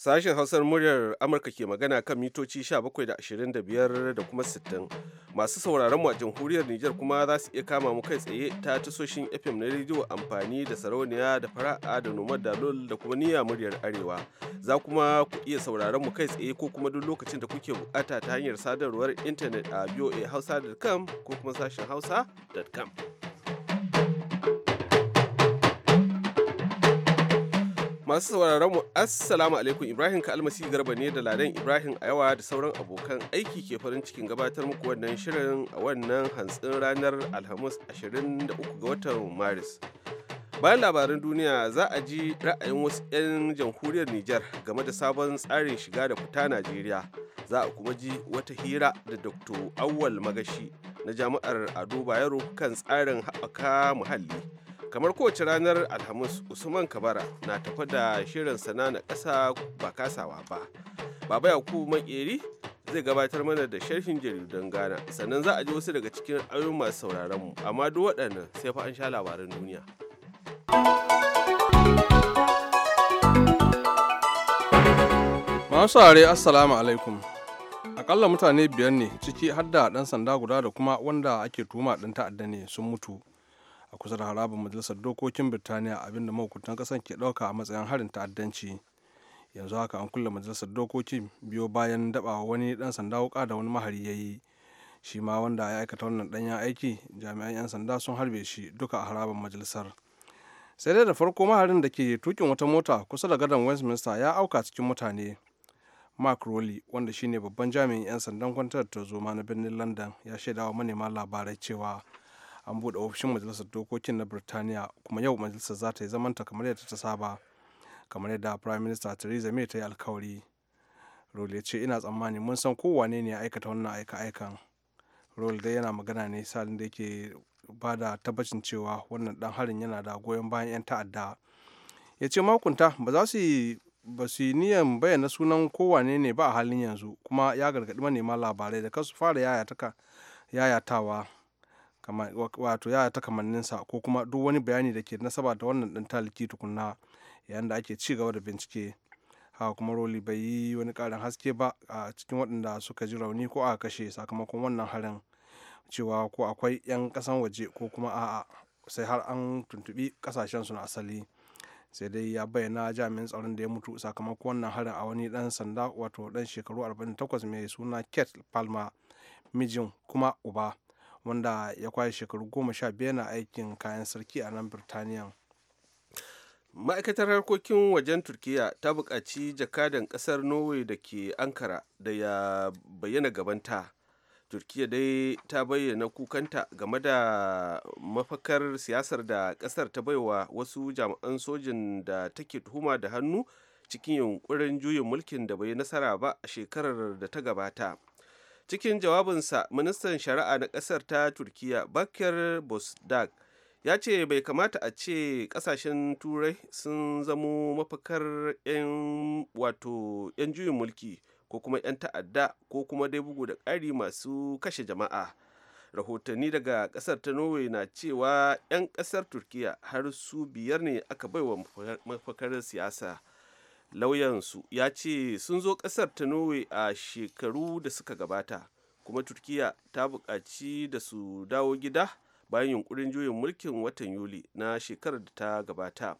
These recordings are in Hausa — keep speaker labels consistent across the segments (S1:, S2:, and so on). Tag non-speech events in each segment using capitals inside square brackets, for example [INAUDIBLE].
S1: Sashen Hausar muryar Amurka ke magana kan mitoci bakwai da da kuma 60. Masu sauraron mu a jamhuriyar Nijar kuma za su iya kama mu kai tsaye ta tasoshin FM na rediyo amfani da sarauniya da fara'a da nomad dalol da kuma niyya muryar Arewa. Za kuma ku iya sauraron mu kai tsaye ko kuma duk lokacin da kuke bukata ta hanyar sadarwar intanet a voahausa.com ko kuma sashen hausa.com. Masu sauraron mu Assalamu alaikum Ibrahim ka garba ne da Ladan Ibrahim a yawa da sauran abokan aiki ke farin cikin gabatar muku wannan shirin a wannan hantsin ranar Alhamis 23 ga watan Maris. Bayan labaran duniya za a ji ra'ayin wasu 'yan jamhuriyar Nijar game da sabon tsarin shiga da fita Najeriya. Za a kuma ji wata hira da Dr. Awwal Magashi na jami'ar Ado Bayero kan tsarin haɓaka muhalli. kamar kowace ranar alhamis usman kabara na tafa da shirin sana na ƙasa ba kasawa ba baba yakubu makeri zai gabatar mana da sharhin jaridan ghana sannan za a ji wasu daga cikin ayoyin masu sauraron mu amma duk waɗannan sai fa an sha labaran duniya masu sare assalamu
S2: alaikum akalla mutane biyar ne ciki har da ɗan sanda guda da kuma wanda ake tuma ɗan ta'adda ne sun mutu a kusa da harabar majalisar dokokin birtaniya abinda mahukuntan kasan ke ɗauka a matsayin harin ta'addanci yanzu haka an kulle majalisar dokokin biyo bayan dabawa wani dan sanda wuka da wani mahari yayi yi shi ma wanda ya aikata wannan danyen aiki jami'an 'yan sanda sun harbe shi duka a harabar majalisar sai dai da farko maharin da ke tukin wata mota kusa da gadon westminster ya auka cikin mutane mark rowley wanda shine babban jami'in 'yan sandan kwantar tarzoma na birnin london ya shaidawa manema labarai cewa an buɗe ofishin majalisar dokokin na birtaniya kuma yau majalisar za ta yi zamanta kamar yadda ta saba kamar yadda prime minister theresa may ta yi alkawari rol ya ce ina tsammani mun san kowane ne ya aikata wannan aika-aikan rol dai yana magana ne salin da yake ba da tabbacin cewa wannan dan harin yana da goyon bayan 'yan ta'adda ya ce makunta ba za su yi ba su yi niyan bayyana sunan kowane ne ba a halin yanzu kuma ya gargaɗi manema labarai da kasu fara yayatawa wato ya ta kamanninsa ko kuma duk wani bayani da ke nasaba da wannan ɗan taliki tukunna yayin da ake ci gaba da bincike haka kuma roli bai yi wani ƙarin haske ba a cikin waɗanda suka ji rauni ko a kashe sakamakon wannan harin cewa ko akwai 'yan kasan waje ko kuma a'a sai har an tuntuɓi ƙasashensu na asali sai dai ya bayyana jami'in tsaron da ya mutu sakamakon wannan harin a wani dan sanda wato dan shekaru 48 mai suna kate palmer mijin kuma uba wanda ya kwashe shekaru goma sha biyar na aikin kayan sarki a nan birtaniya
S1: ma'aikatar harkokin wajen turkiya ta buƙaci jakadan ƙasar norway da ke ankara da ya bayyana gabanta turkiya dai ta bayyana kukanta game da mafakar siyasar da ƙasar ta baiwa wasu jami'an sojin da take tuhuma da hannu cikin yunkurin juyin mulkin da bai nasara ba a shekarar da ta gabata cikin jawabinsa ministan shari'a na ƙasar ta turkiya bakir bosdak ya ce bai kamata a ce ƙasashen turai sun zamo mafakar 'yan wato 'yan juyin mulki ko kuma 'yan ta'adda ko kuma dai bugu da ƙari masu kashe jama'a rahotanni daga ƙasar ta norway na cewa 'yan ƙasar turkiya har su biyar ne aka baiwa mafakar siyasa lauyansu ya ce sun zo kasar ta norway a shekaru da suka gabata kuma turkiya ta buƙaci da su dawo gida bayan yunkurin juyin mulkin watan yuli na shekarar da ta gabata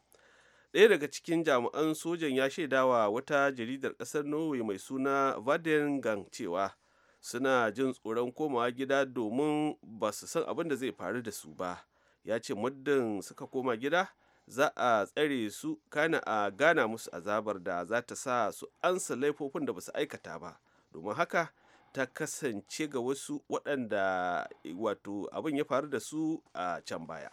S1: ɗaya daga cikin jami'an sojan ya shaidawa wata jaridar ƙasar norway mai suna vadengang cewa suna jin tsoron komawa gida domin ba su san abin da zai faru da su ba ya ce muddin suka koma gida za a tsare su kana a gana musu azabar da za ta sa su ansa laifofin da ba su aikata ba domin haka ta kasance ga wasu waɗanda wato abin ya faru da su a can baya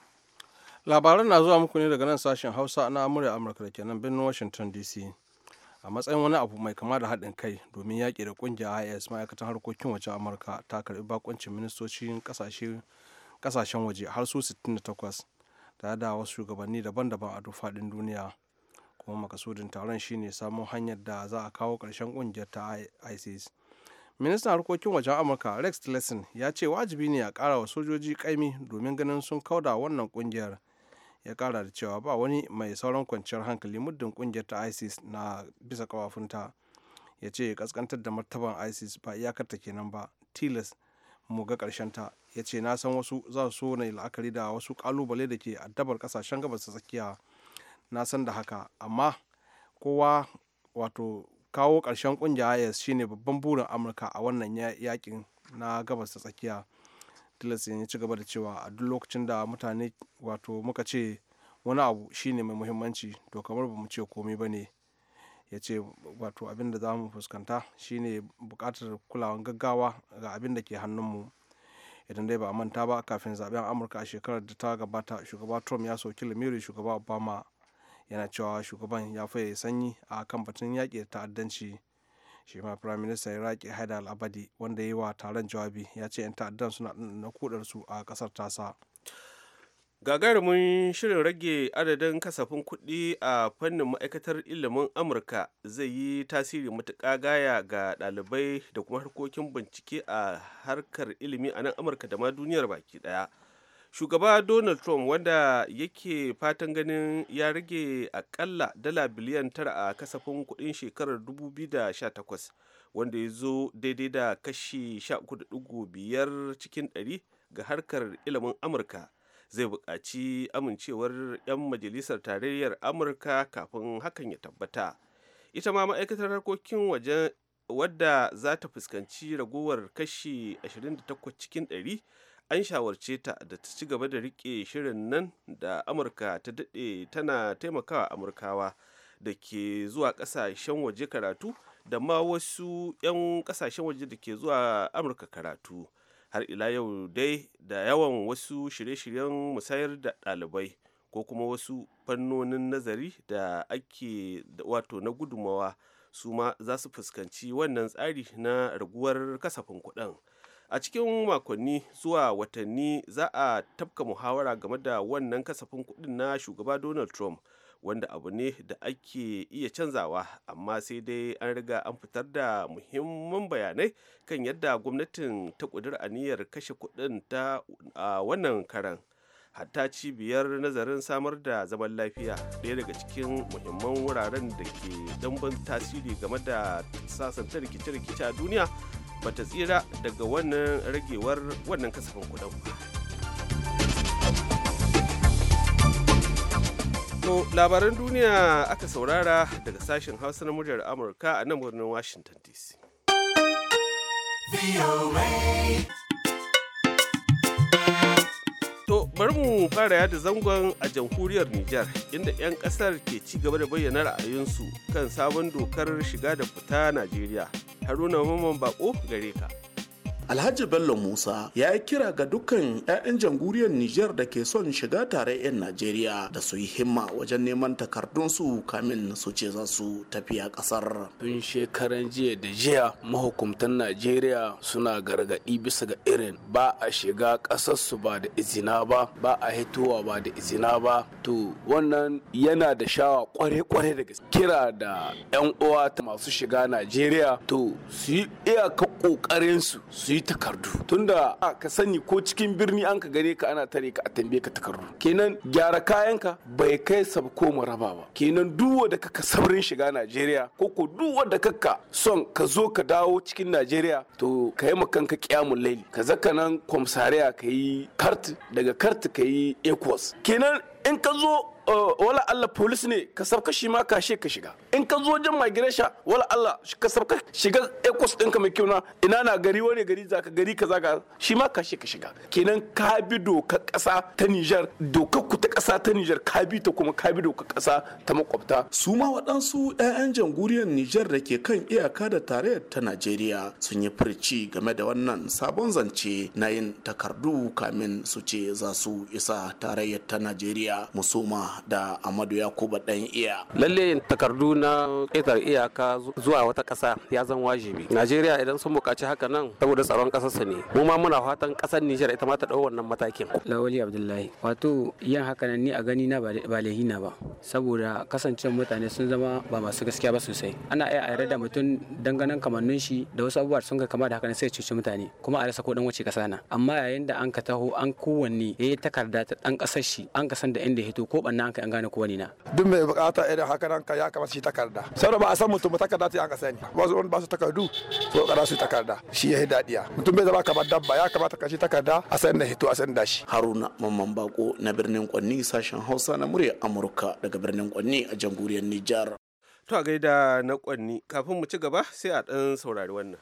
S2: labaran na zuwa muku ne daga nan sashen hausa na amurya amurka da kenan birnin washington dc a matsayin wani abu mai kama da haɗin kai domin yaƙi da ƙungiyar is ma'aikatan harkokin waje amurka ta karɓi bakoncin ministocin ƙasashen waje har su 68 tare da wasu shugabanni daban-daban a faɗin duniya kuma makasudin taron shine samun hanyar da za a kawo ƙarshen ƙungiyar ta isis ministan harkokin wajen amurka rex tillerson ya ce wajibi ne a ƙara wa sojoji ƙaimi domin ganin sun kauda wannan ƙungiyar ya ƙara da cewa ba wani mai sauran kwanciyar hankali muddin ƙungiyar ta isis na bisa kawafinta ya ce kaskantar da martaban isis ba iyakarta kenan ba tilas mu ga ta ya ce na san wasu za su so na la'akari da wasu kalubale da ke addabar kasashen gabas ta tsakiya na san da haka amma kowa wato kawo ƙarshen ƙungiya is shine babban burin amurka a wannan yakin na gabas ta tsakiya tilasin ya ci gaba da cewa a duk lokacin da mutane wato muka ce wani abu shine mai muhimmanci to kamar ba mu ce komai ba ne ya ce wato abin da za mu fuskanta shine buƙatar kulawan gaggawa ga abin da ke hannunmu idan dai ba a manta ba kafin zaɓen amurka a shekarar da ta gabata shugaba trump ya soki lamiri shugaba obama yana cewa shugaban ya faye sanyi a kan batun yaƙi da ta'addanci shi ma prime minister iraki haidar al wanda ya yi wa taron jawabi ya ce 'yan ta'addan suna na kudarsu a ƙasar
S1: tasa gagarumin shirin rage adadin kasafin kuɗi a fannin ma'aikatar ilimin amurka zai yi tasiri matuƙa gaya ga ɗalibai da kuma harkokin bincike a harkar ilimi a nan amurka da ma duniyar baki ɗaya shugaba donald trump wanda yake fatan ganin ya rage akalla dala biliyan tara a kasafin kuɗin shekarar 2018 wanda ya zo daidai da kashi 13.5 cikin 100 ga harkar ilimin amurka zai buƙaci amincewar 'yan majalisar tarayyar amurka kafin hakan ya tabbata ita ma ma'aikatar harkokin wajen wadda za ta fuskanci ragowar kashi 28 cikin 100 an shawarce ta da ta ci gaba da rike shirin nan da amurka ta daɗe tana taimakawa amurkawa da ke zuwa ƙasashen waje karatu da ma wasu 'yan ƙasashen waje da ke zuwa amurka karatu har ila yau dai da yawan wasu shirye-shiryen musayar da ɗalibai ko kuma wasu fannonin nazari da ake wato na gudumawa su ma za su fuskanci wannan tsari na raguwar kasafin kuɗin a cikin makonni zuwa watanni za a tafka muhawara game da wannan kasafin kuɗin na shugaba donald trump wanda abu ne da ake iya canzawa amma sai dai an riga an fitar da muhimman bayanai kan yadda gwamnatin ta kudur aniyar kashe kudin ta a wannan karan hatta cibiyar nazarin samar da zaman lafiya ɗaya daga cikin muhimman wuraren da ke damban tasiri game da sasanta rikice-rikice a duniya bata tsira daga wannan ragewar wannan kasafin kuɗin ba. To labaran duniya aka saurara daga sashen Hausa na muryar Amurka a nan birnin Washington DC. To bari mu fara yada zangon a jamhuriyar Nijar inda 'yan kasar ke ci gaba da bayyana ra'ayinsu kan sabon dokar shiga da fita Najeriya. Haruna Maman Bako gare ka.
S3: Alhaji Bello Musa ya yi kira ga dukkan 'ya'yan jamhuriyar Nijar da ke son shiga tare 'yan Najeriya da su yi himma wajen neman takardun su kamin su ce za su tafiya kasar. Tun shekaran jiya da jiya mahukumtan Najeriya suna gargaɗi bisa ga irin ba a shiga ƙasar su ba da izina ba ba a hitowa ba da izina ba to wannan yana da shawa kware-kware daga kira da 'yan uwa masu shiga Najeriya to su yi iyaka ƙoƙarin su su yi takardu tunda a ka sani ko cikin birni an ka gare ka ana tare ka a tambaye ka takardu kenan gyara kayanka bai kai sab ko maraba ba kenan duk wanda kaka sabrin shiga Najeriya ko ko duk wanda kaka son ka zo ka dawo cikin Najeriya to ka yi ka kiyamul laili ka zaka nan komsariya ka yi kart daga kart ka yi kenan in ka zo Eh, wala Allah polis ne ka sabka shi ma kashe ka shiga in ka zo wajen migration wala Allah ka sabka shiga ecos ka mai kyau na ina na gari wani gari ka gari ka shi ma kashe ka shiga kenan ka bi doka ƙasa ta Niger doka ku ta ƙasa ta Niger ka bi ta kuma ka bi doka ƙasa ta makwabta su ma waɗansu ɗayan jamhuriyar Niger da ke kan iyaka da tarayyar ta Najeriya sun yi furci game da wannan sabon zance na yin takardu kamin su ce za su isa tarayyar ta Najeriya musoma da amadu yakuba dan iya lalle takardu na ƙetar iyaka zuwa wata ƙasa ya zan wajibi najeriya idan sun buƙaci haka nan saboda tsaron ƙasarsa ne mu ma muna fatan ƙasar nijar ita ma ta ɗau wannan matakin lawali abdullahi wato yin haka nan ni a gani na ba lahina ba saboda kasancewar mutane sun zama ba masu gaskiya ba sosai ana iya a da mutum danganan kamannin shi da wasu abubuwa sun ga kama da haka sai cuci mutane kuma a rasa ko dan wace kasa na amma yayin da an ka taho an kowanne ya eh, yi takarda ta dan kasar shi an kasan da inda ya hito ko banna an an gane ko wani na duk mai bukata irin haka nan ya kamata shi takarda saboda ba a san mutum takarda ta an ka sani ba su ba su takardu to kada su takarda shi ya dadiya mutum bai zama kamar dabba ya kamata ka shi takarda a san da hito a san da shi haruna mamman bako na birnin kwanni sashen hausa na murya amurka daga birnin kwanni a jamhuriyar nijar
S1: to a gaida na kwanni kafin mu ci gaba sai a dan saurari wannan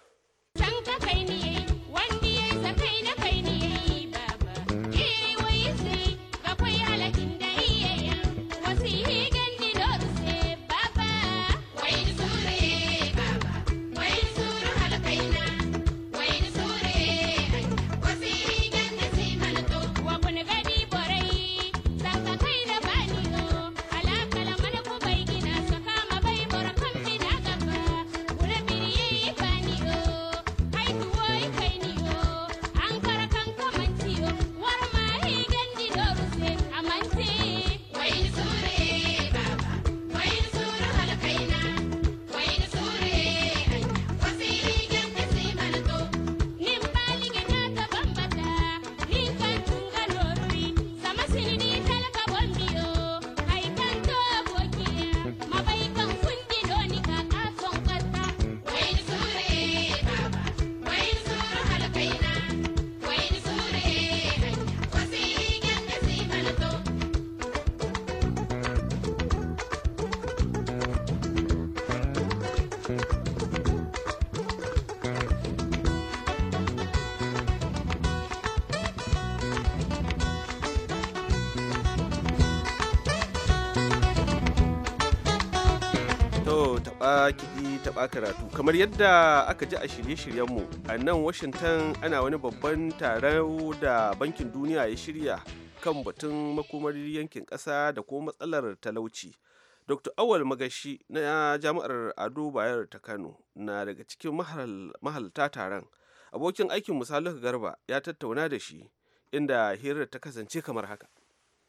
S1: taɓa karatu kamar yadda aka ji a shirye-shiryenmu a nan washington ana wani babban taro da bankin duniya ya shirya kan batun makomar yankin ƙasa da kuma matsalar talauci dr awal magashi na jami'ar ado bayar ta kano na daga cikin mahalta taron abokin aikin misalin garba ya tattauna da shi inda hirar ta kasance kamar haka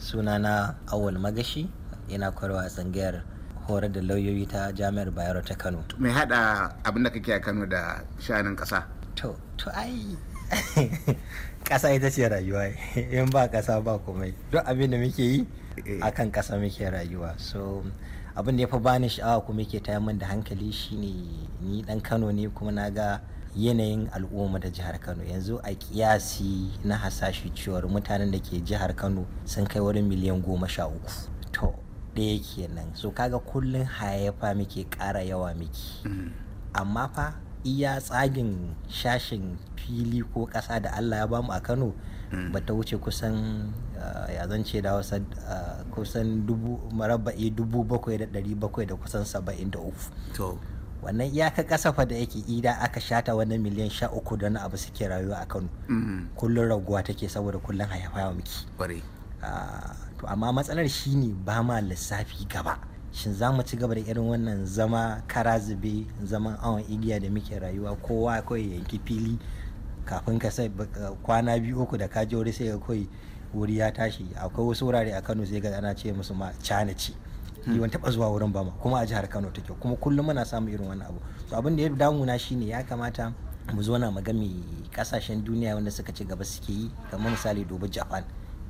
S4: sunana awal magashi ina kwarwa tsangayar horar da lauyoyi ta jami'ar bayero ta kano mai hada
S3: abin da kake a kano da
S4: shanin kasa to to ai kasa [LAUGHS] ita ce rayuwa [LAUGHS] in ba kasa ba komai duk abin da muke yi eh. kan kasa muke rayuwa so abin da ya fi bani sha'awa kuma yake taya min da hankali shine ni dan kano ne kuma na ga yanayin al'umma da jihar kano yanzu a kiyasi na hasashi cewar mutanen da ke jihar kano sun kai wurin miliyan goma sha uku to ɗaya kenan so kaga kullum hayayyafa muke ƙara yawa miki mm. amma fa iya tsagin shashin fili ko ƙasa da allah ya bamu a kano mm. ba ta wuce kusan eh, ya zance da wasa eh, kusan marabba'i dubu bakwai da ɗari bakwai da kusan saba'in da uku wannan iyaka kasafa da yake ida aka shata wannan miliyan sha uku da na abu suke rayuwa a kano mm. kullum raguwa take saboda kullum hayafa miki to amma matsalar shine ba ma lissafi gaba shin za mu ci gaba da irin wannan zama kara zube zaman awon igiya da muke rayuwa kowa kawai yanki fili kafin ka sai kwana biyu uku da kaji wuri sai kawai wuri ya tashi akwai wasu wurare a kano sai ga ana ce musu ma cana ce ni taba zuwa wurin ba ma kuma a jihar kano take kuma kullum muna samun irin wannan abu to abin da ya damuna shine ya kamata mu zo na magami kasashen duniya wanda suka ci gaba suke yi kamar misali dubu japan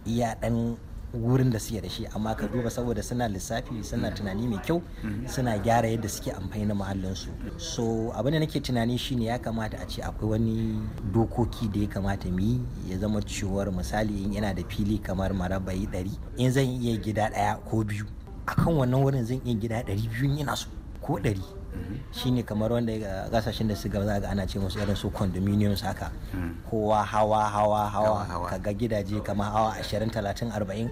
S4: iya dan wurin da suke da shi amma ka duba saboda suna lissafi suna tunani mai kyau mhm. suna gyara yadda suke amfani da muhallinsu so abin da nake tunani shine ya kamata a ce akwai wani dokoki da ya kamata mu ya zama cewar misali in yana da fili kamar marabai ɗari in zan iya gida ɗaya ko biyu akan wannan wurin zan iya gida ɗari biyu ina so ko ɗari shine kamar wanda ya gasashen da su gaba ga ana ce musu irin su condominiums haka hmm. kowa hawa hawa hawa kaga gidaje kamar hawa 20 30 40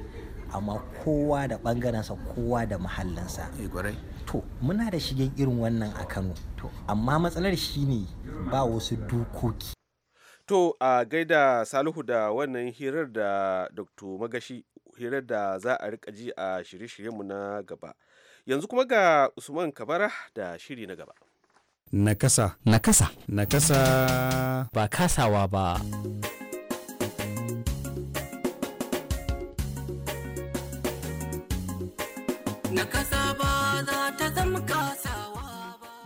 S4: amma kowa da bangarensa kowa da mahallinsa eh, to muna da shigen irin wannan a kano amma matsalar shine ba
S5: wasu dokoki
S1: to a gaida salihu da wannan hirar da dr magashi hirar da za a rika ji a shirye-shiryenmu na gaba yanzu kuma ga usman kabara da shiri na gaba
S4: nakasa nakasa nakasa ba kasawa ba
S6: ba kasawa ba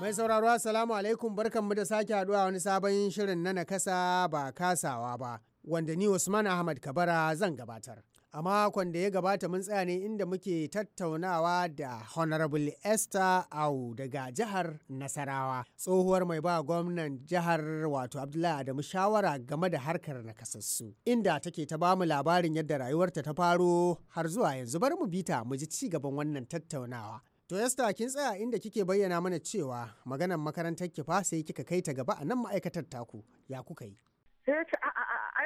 S7: mai sauraro assalamu alaikum barkanmu da sake haduwa wani sabon shirin na nakasa ba kasawa ba wanda ni usman ahmad kabara zan gabatar a makon da ya gabata mun tsaya ne inda muke tattaunawa da honorable esther au daga jihar nasarawa tsohuwar mai ba gwamnan jihar wato abdullahi adamu shawara game da harkar nakasassu inda take ta bamu labarin yadda rayuwarta ta faro har zuwa yanzu bari mu bita mu ji ci gaban wannan tattaunawa To Esther kin tsaya inda kike bayyana mana cewa maganar makarantar ki fa sai kika kai ta gaba a nan ma'aikatar taku ya kuka yi. Eh,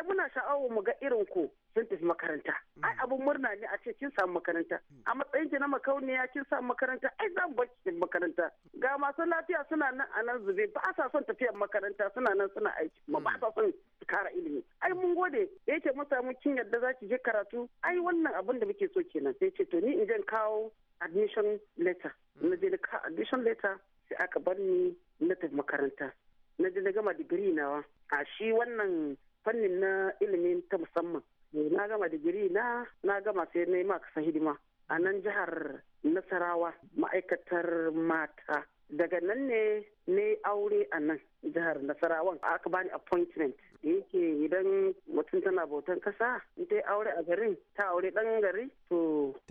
S6: ai muna sha'awar mu ga irin ku sun tafi makaranta ai abun murna ne a ce kin samu makaranta a matsayin ki na makauniya kin samu makaranta ai za mu tafi makaranta ga masu lafiya suna nan a nan zube ba sa son tafiyar makaranta suna nan suna aiki ma ba sa son kara ilimi ai mun gode da yake mun samu kin yadda za ki je karatu ai wannan abin da muke so kenan sai ce to ni in zan kawo admission letter na je ka admission letter sai aka bar ni na tafi makaranta na je na gama digiri nawa a shi wannan fannin na ilimin ta musamman eh, na gama digiri na na gama sai na yi ma kasa hidima a nan jihar nasarawa ma'aikatar mata daga nan ne yi aure a nan jihar nasarawa aka bani appointment da yake idan mutum tana bautan kasa in ta aure a garin ta aure dan gari to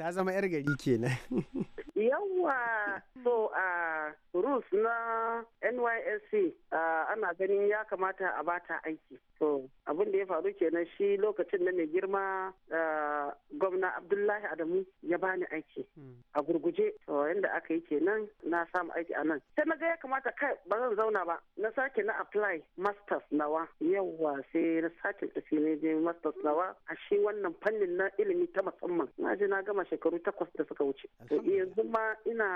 S7: ta zama yar gari kenan
S6: [LAUGHS] yawa so a rules na nysc ana ganin ya kamata a bata aiki to abin da ya faru kenan shi lokacin da mai girma gwamna abdullahi adamu ya bani aiki hmm. a gurguje to yadda aka yi kenan na samu aiki a nan sai na ya kamata kai ba zan zauna ba na sake na apply masters nawa yau abubuwa sai na sake tafi ne je masters nawa a shi wannan fannin na ilimi ta musamman na je na gama shekaru takwas da suka wuce to yanzu ma ina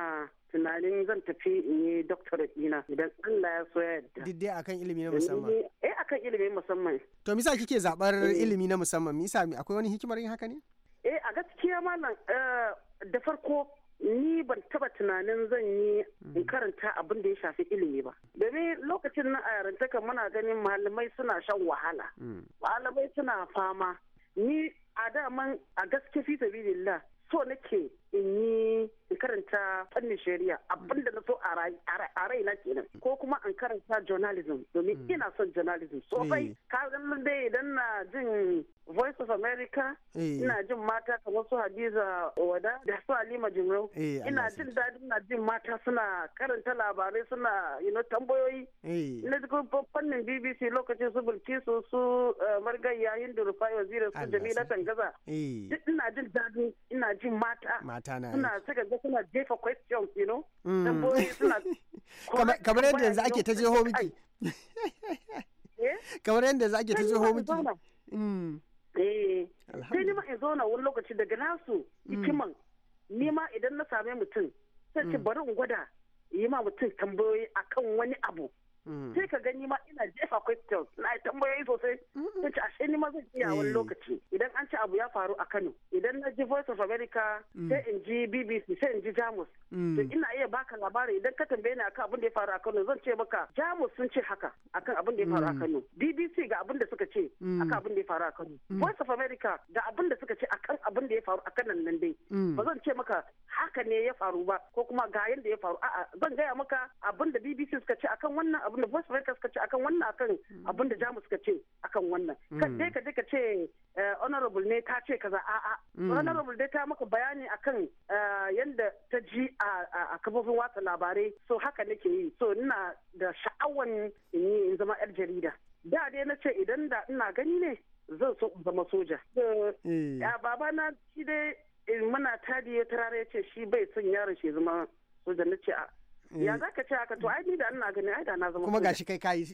S6: tunanin zan tafi in yi doctorate dina idan Allah ya so ya yarda
S7: diddai eh, eh, akan ilimi na musamman
S6: eh akan ilimi musamman
S7: to misa kike zabar ilimi na musamman misa akwai wani hikimar yin haka ne
S6: eh a gaskiya malam eh, da farko ni ban taba tunanin zan yi in mm. karanta abin da ya shafi ilimi ba domin lokacin na ayarantaka muna ganin malamai suna shan wahala mm. malamai suna fama ni a daman a gaske fi sabilillah so nake in yi in karanta fannin shari'a abin da na so a raina kenan ko kuma an karanta journalism domin hmm. ina son journalism sosai eh. ka ganin dai idan na jin voice of america eh. ina jin mata kamar su hadiza wada da su halima jimro eh, ina jin daɗin na jin mata suna karanta labarai suna you know, tambayoyi na fannin bbc lokacin su bilkisu su margayya hindu rufai wazirin su jamila tangaza
S7: ina
S6: jin daɗin ina jin mata mata na yi suna saka ga suna jefa questions you know
S7: kamar yadda yanzu ake ta jeho miki kamar yadda yanzu ake ta je miki
S6: eh sai ni ma in na wani lokaci daga nasu mm. hikiman ni ma idan na same mutum sai ce mm. bari in gwada yi ma mutum tambayoyi akan wani abu Mm. sai ka gani ma ina jefa questions na tambayoyi sosai ta ce ashe ni ma zan iya wani eh. lokaci idan an ci abu ya faru a Kano idan na ji Voice of America mm. sai in ji BBC sai in ji Jamus mm. to ina iya baka labari idan ka tambaye ni akan abin da ya faru a Kano zan ce maka Jamus sun ce haka akan abin da ya faru a Kano BBC ga abin da suka ce akan abin da ya faru a Kano Voice of America ga abin da suka ce akan abin da ya faru a Kano nan dai ba zan ce maka haka ne ya faru ba ko kuma ga yanda ya faru a'a zan gaya maka abin da BBC suka ce akan wannan abin da voice breakers ka ce akan wannan akan hmm. abin da jamus ka ce akan wannan hmm. kan dai ka ce eh, honorable ne ta ce kaza a'a hmm. honorable dai ta maka bayani akan eh, yanda ta ji a kafofin watsa labarai so haka nake yi so ina da sha'awan in yi in zama yar jarida da dai na ce idan da ina gani ne zan so in zama soja eh. ya baba na shi dai muna tadi ya tarare ce shi bai son yaron shi zama soja na ce a ya eh. za ka ce haka to ai ni da ina gani ai da na zama kuma gashi
S7: kai kai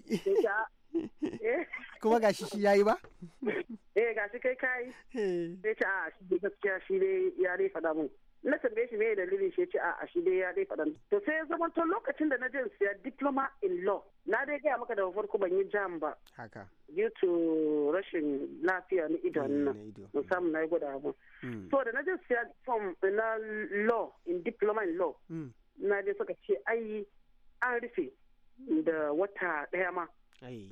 S7: [LAUGHS] kuma gashi shi yayi ba
S6: [LAUGHS] eh gashi kai kai eh. sai ta shi gaskiya shi dai ya dai faɗa mun na tambaye shi me dalilin shi ce a shi dai ya dai faɗa to sai ya zama to lokacin da na je siya diploma in law na dai ga maka da farko ban yi jam ba haka due to rashin lafiya na idon mm, na musamman na yi gudawa mm. to da na je siya form na law in diploma in law mm. na je suka ce ai an rufe da wata daya ma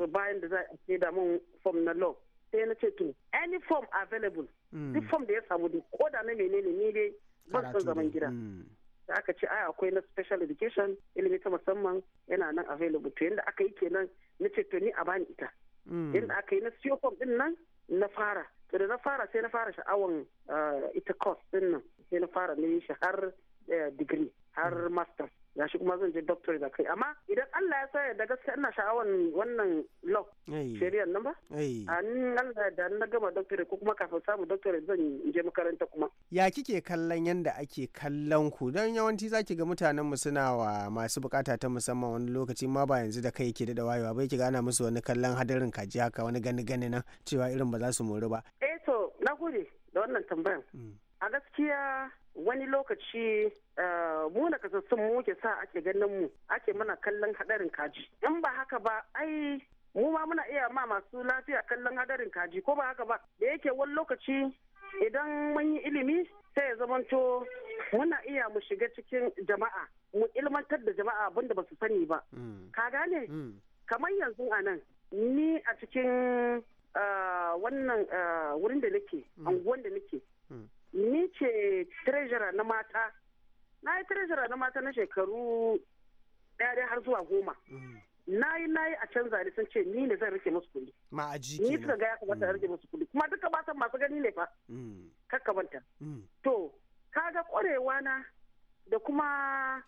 S6: bayan da za a ce da mun form na law sai na ce to any form available mm. duk form da ya samu duk ko da na menene ni dai ban son zaman gida mm. da aka ce ai akwai na special education ilimi ta musamman yana nan available to yanda aka yi kenan na ce to ni a bani ita mm. yanda aka yi na siyo form din nan na fara to da na fara sai na fara sha'awan ah, ita course din nan sai na fara ne shi har Eh, digiri har masters ya shi kuma zan je doctor da kai amma idan Allah ya sa da gaskiya ina sha'awar wannan law shari'ar nan ba an Allah da na gama doctor ko kuma kafin samu doctor zan je makaranta
S7: kuma ya kike kallon yanda ake kallon ku dan yawanci zaki ga mutanen mu suna wa masu bukata ta musamman wani lokaci ma ba yanzu da kai yake da wayewa ba yake gana musu wani kallon hadarin kaji haka wani gani gani nan cewa irin ba za su mori ba
S6: eh to na gode da wannan tambayan mm. a gaskiya wani lokaci eh, mu na kasassun mu ke sa ake ganin mu ake mana kallon hadarin kaji in ba haka ba ai mu ma muna iya ma masu lafiya kallon hadarin kaji ko ba haka ba da yake wani lokaci idan mun yi ilimi sai ya zamanto muna iya mu shiga cikin jama'a mu ilmantar da jama'a abinda da ba su sani ba mm. ka gane mm. kamar yanzu a nan ni a cikin eh, wannan eh, wurin da nake anguwan mm. da nake ni ce treasurer na mata na yi treasurer na mata na shekaru ɗaya har zuwa goma mm. na yi na yi a canza ni sun ce ni ne zan rike musu kuɗi ma a ji ni suka ga ya kamata rike mm. musu kuɗi kuma duka ba san masu gani ne fa mm. kakka banta to kaga ƙwarewa na da kuma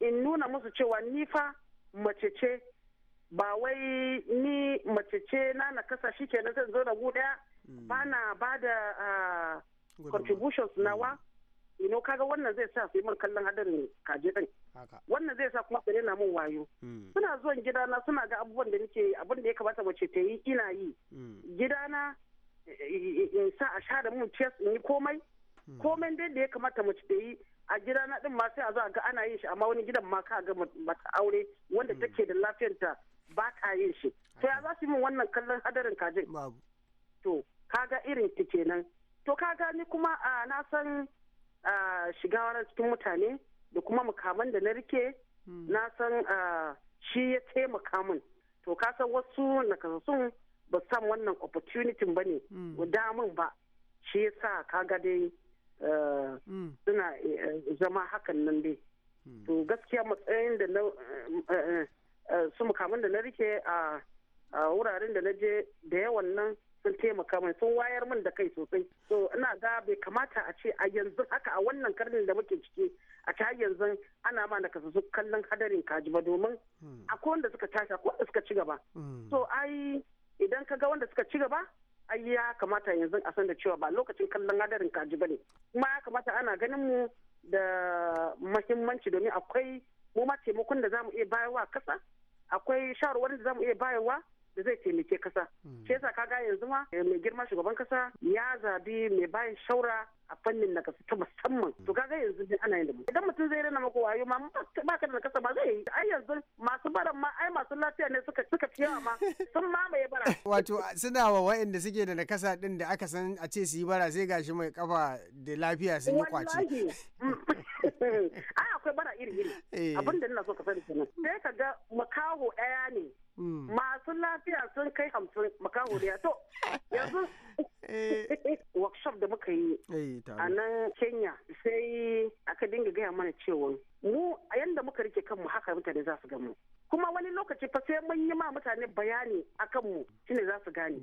S6: in nuna musu cewa ni fa mace ce ba wai ni mace ce na na kasa shi kenan zan zo da gu daya ba na ba da ah, contributions mm. nawa ino kaga wannan zai sa su yi min kallon hadarin kaje din wannan zai sa kuma su na mun wayo mm. suna zuwan gidana suna ga abubuwan da nake abin da ya kamata mace ta yi ina yi mm. gidana eh, eh, eh, in sa a sha da mun test in yi komai komai dai da ya kamata mace ta yi a gidana din ma sai a zo a ga ana yin shi amma wani gidan ma ka ga mata aure wanda take da lafiyarta ba ka yin shi to ya za su yi min wannan kallon hadarin kajin to kaga irin ta kenan to ka gani kuma a na san shiga cikin mutane da kuma mukaman da na rike hmm. na san shi ya taimaka mun to ka san wasu nakasassun ba san wannan opportunity ba ne hmm. damun ba shi ya sa kaga dai hmm. suna eh, zama hakan nan dai to gaskiya matsayin da na eh, eh, su mukamin da na rike a wuraren da na je da yawan nan sun taimaka mai sun wayar min da kai sosai so ina ga bai kamata a ce a yanzu haka a wannan karnin da muke ciki a ta yanzu ana ma da su kallon hadarin kaji ba domin hmm. akwai wanda suka tashi akwai wanda suka ci gaba hmm. so ai idan ka ga wanda suka ci gaba ai ya kamata yanzu a san da cewa ba lokacin kallon hadarin kaji ba ne kuma ya kamata ana ganin mu da muhimmanci domin akwai mu ma taimakon da za mu iya bayarwa kasa akwai shawarwarin da za mu iya bayarwa da zai taimake kasa hmm. shi yasa kaga yanzu ma eh, mai girma shugaban kasa ya zabi mai bayan shaura a fannin na ta musamman hmm. to kaga yanzu ne ana yin da idan mutum zai rena maka wayo ma ba ka da kasa ba zai yi ai yanzu masu baran ma ai masu lafiya ne suka suka fi yawa ma sun mamaye
S7: bara [LAUGHS] wato suna wa waɗanda suke da nakasa din da aka san a ce su yi bara sai gashi mai kafa da lafiya sun yi kwaci mm. [LAUGHS]
S6: ai akwai bara iri iri [LAUGHS] eh. abin da ina so ka sani kenan sai ka ga makaho ɗaya ne Mm. masu lafiya sun kai hamsin makahuriya to [LAUGHS] yanzu eh. workshop da muka yi eh, a nan kenya sai aka dinga gaya mana cewa mu a yanda muka rike kanmu haka mutane za su gamu kuma wani lokaci fa sai mun yi ma mutane bayani akan mu shine za su gane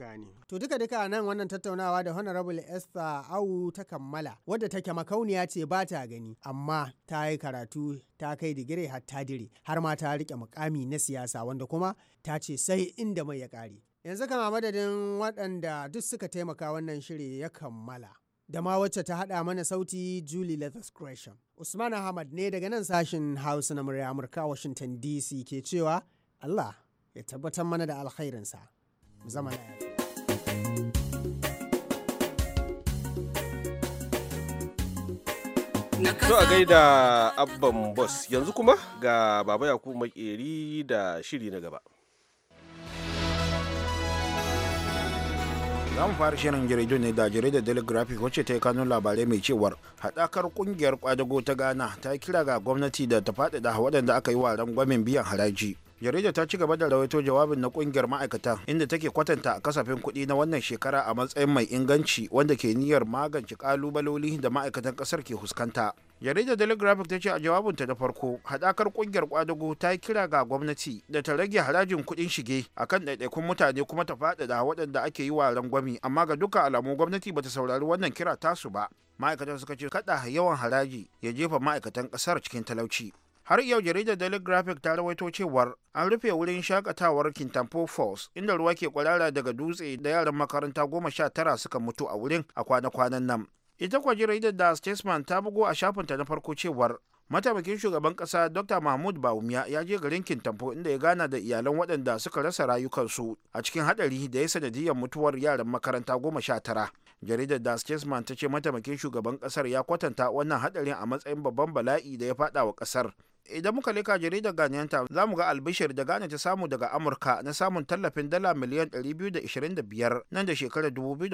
S7: to duka duka nan wannan tattaunawa da honorable Esther Awu ta kammala wadda take makauniya ce ba ta gani amma ta yi karatu ta kai digiri har ta dire har ma ta rike mukami na siyasa wanda kuma ta ce sai inda mai ya kare yanzu kama madadin waɗanda duk suka taimaka wannan shiri ya kammala da ma wacce ta haɗa mana sauti Julie Leathers Gresham. Usman Ahmad ne daga nan sashin Hausa na murya Amurka Washington DC ke cewa Allah ya tabbatar mana da alkhairinsa. Mu zama na
S1: To a gaida abban bos yanzu kuma ga baba yakubu makeri da shiri na gaba.
S5: za mu fara shirin jaridu ne da jaridar da wacce ta yi kanun labarai mai cewar haɗakar ƙungiyar kwadago ta ghana ta kira ga gwamnati da ta faɗaɗa waɗanda aka yi wa rangwamen biyan haraji jaridar ta ci gaba da rawaito jawabin na kungiyar ma'aikata inda take kwatanta a kasafin kuɗi na wannan shekara a matsayin mai inganci wanda ke niyyar magance kalubaloli da ma'aikatan ƙasar ke fuskanta jaridar telegraphic ta ce a jawabinta da farko haɗakar ƙungiyar kwadago ta yi kira ga gwamnati da ta rage harajin kuɗin shige akan ɗaiɗaikun mutane kuma ta faɗaɗa waɗanda ake yi wa rangwami amma ga duka alamu gwamnati bata saurari wannan kira tasu ba ma'aikatan suka ce kaɗa yawan haraji ya jefa ma'aikatan ƙasar cikin talauci har yau jaridar daily graphic ta rawaito cewar an rufe wurin shakatawar kintampo falls inda ruwa ke kwarara daga dutse da yaran makaranta goma sha tara suka mutu a wurin a kwana-kwanan nan ita kwa jaridar da statesman ta bugo a shafinta na farko cewar mataimakin shugaban kasa dr mahmud bawumia ya je garin kintampo inda ya gana da iyalan waɗanda suka rasa rayukansu a cikin haɗari da ya sanadiyar mutuwar yaran makaranta goma sha tara jaridar das kesman ta ce mataimakin shugaban kasar ya kwatanta wannan hadarin a matsayin babban bala'i da ya fada wa kasar idan muka leka jaridar ganyen ta za mu ga albishir da gane ta samu daga amurka na samun tallafin dala miliyan 225 nan da shekarar 2019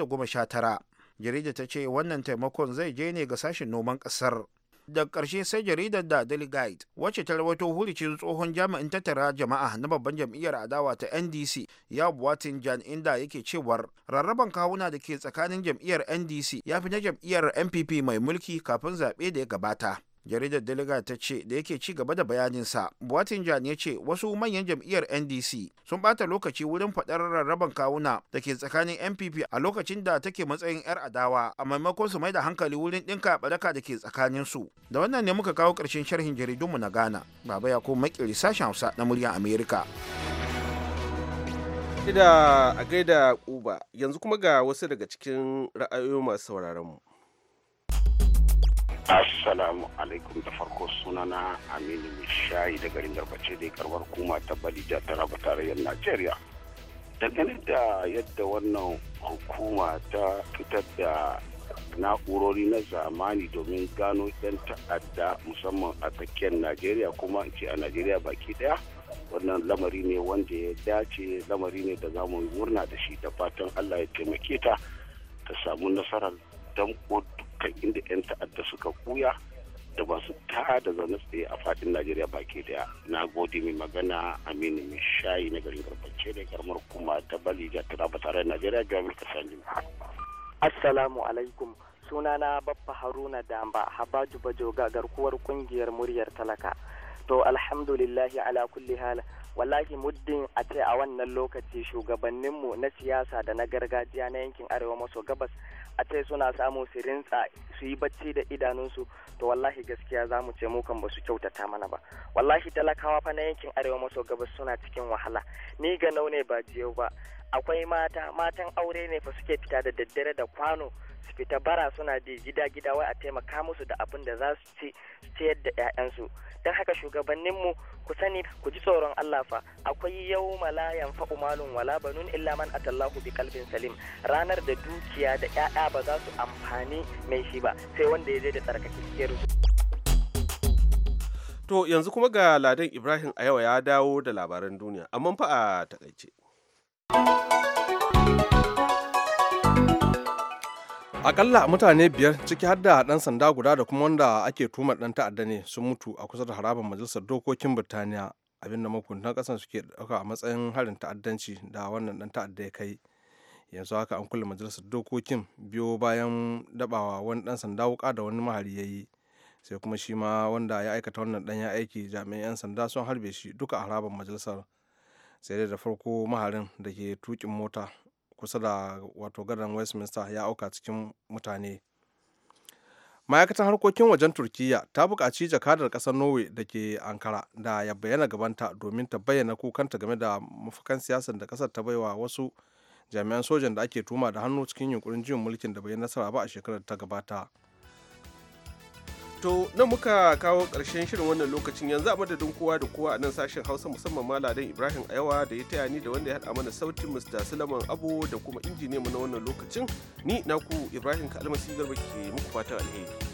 S5: jaridar ta ce wannan taimakon zai je ne ga sashen noman kasar da ƙarshe sai jaridar da Daily Guide, wacce ta rawaito hulicin tsohon jami'in tattara jama'a na babban jam'iyyar adawa ta ndc ya buwatin jan inda yake cewar rarraban kawuna da ke tsakanin jam'iyyar ndc ya fi na jam'iyyar npp mai mulki kafin zaɓe da ya gabata jaridar deliga ta ce da yake ci gaba da bayaninsa buwatinjan ya ce wasu manyan jam'iyyar ndc sun bata lokaci wurin faɗar rarraban kawuna da ke tsakanin npp a lokacin da take matsayin 'yar adawa a maimakon su mai da hankali wurin ɗinka ɓadaka da ke tsakaninsu da wannan ne muka kawo ƙarshen sharhin jaridunmu na ghana baba ya kuma makiri sashen hausa na muryar america
S1: a gaida Uba yanzu kuma ga wasu daga cikin ra'ayoyi masu sauraron mu.
S5: Assalamu alaikum da farko sunana Aminu Mishayi da garin Garbace dai karbar kuma ta Balija ta raba tarayyar Najeriya. Dangane da yadda wannan hukuma ta fitar da na'urori na zamani domin gano 'yan ta'adda musamman a tsakiyar Najeriya kuma ce a Najeriya baki daya. wannan lamari ne wanda ya dace lamari ne da zamu murna da shi da fatan Allah ya taimake ta ta samu nasarar danko kan inda 'yan ta'adda suka kuya da masu ta da zaune tsaye a fadin najeriya baki daya na gode mai magana aminu mai shayi na garin garbace da garmar kuma ta bali da tana ba tare da najeriya ga amurka sanjin
S4: assalamu alaikum sunana baffa haruna damba habaju bajoga garkuwar kungiyar muryar talaka to alhamdulillahi ala kulli hal wallahi muddin a ce a wannan lokaci shugabanninmu na siyasa da na gargajiya na yankin arewa maso gabas a ce suna samu su rintsa su yi bacci da idanunsu to wallahi gaskiya za mu ce mukan ba su kyautata mana ba wallahi talakawa fa na yankin arewa maso gabas suna cikin wahala ni ga ne ba jiyo ba akwai mata matan aure ne fa suke fita da daddare da kwano su fita bara suna bi gida-gida wai a taimaka musu da abin da za su ci ciyar da 'ya'yansu don haka shugabanninmu ku sani ku ji tsoron Allah fa akwai yau malayan fa'u malun wala banun illa man atallahu bi kalbin salim ranar da dukiya da 'ya'ya ba za su amfani mai shi ba sai wanda ya je da tsarkakakkiyar
S1: To yanzu kuma ga Ladan Ibrahim a yau ya dawo da labaran duniya amma fa a takaice.
S2: akalla mutane biyar ciki har da dan sanda guda da kuma wanda ake tuma dan ta'adda ne sun mutu a kusa da harabar majalisar dokokin birtaniya abin da makuntan kasan suke dauka a matsayin harin ta'addanci da wannan dan ta'adda ya kai yanzu haka an kulle majalisar dokokin biyo bayan dabawa wani dan sanda wuka da wani mahari ya yi sai kuma shi ma wanda ya aikata wannan dan ya aiki jami'an 'yan sanda sun harbe shi duka a harabar majalisar sai da farko maharin da ke tukin mota kusa da wato garin westminster ya auka cikin mutane ma'aikatan harkokin wajen turkiyya ta buƙaci jakadar ƙasar norway da ke ankara da ya bayyana gabanta domin ta bayyana kukanta game da mafakan siyasar da ƙasar ta baiwa wasu jami'an sojan da ake tuma da hannu cikin yunkurin jiyun mulkin da bai nasara ba a shekarar ta gabata
S1: To, nan muka kawo ƙarshen shirin wannan lokacin yanzu a madadin kowa da kowa a nan sashen Hausa musamman Maladan Ibrahim Ayawa da ya taya ni da wanda ya haɗa mana sautin Mr. Sulaiman abu da kuma injiniyanmu na wannan lokacin. Ni naku Ibrahim Kalmasi Garba ke muku fatan alheri.